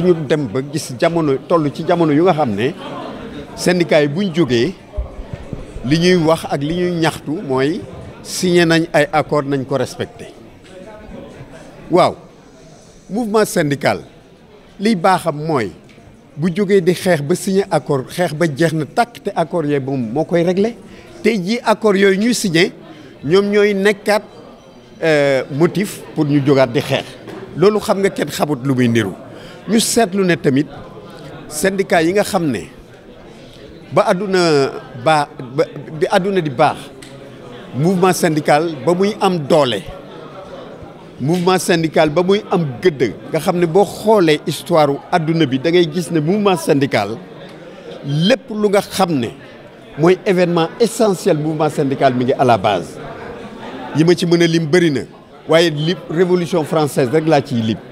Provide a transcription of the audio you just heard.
dañu dem ba gis jamono toll ci jamono yu nga xam ne syndicat buñ jógee li ñuy wax ak li ñuy ñaxtu mooy signé nañ ay accord nañ ko respecté waaw mouvement syndical liy baaxam mooy bu jógee di xeex ba signé accord xeex ba jeex na tàkk te accord yooyu moo koy réglé tey jii accord yooyu ñuy siñe ñoom ñooy nekkaat euh, motif pour ñu jógaat di xeex loolu xam nga kenn xabut lu muy niru ñu seetlu ne tamit syndicat yi nga xam ne ba àdduna ba bi àdduna di baax mouvement syndical ba muy am doole mouvement syndical ba muy am gëdd nga xam ne boo xoolee histoire àdduna bi da ngay gis ne mouvement syndical lépp lu nga xam ne mooy événement essentiel mouvement syndical mi ngi à la base yi ma ci mën a lim bëri na waaye li révolution francaise rek laa ciy lim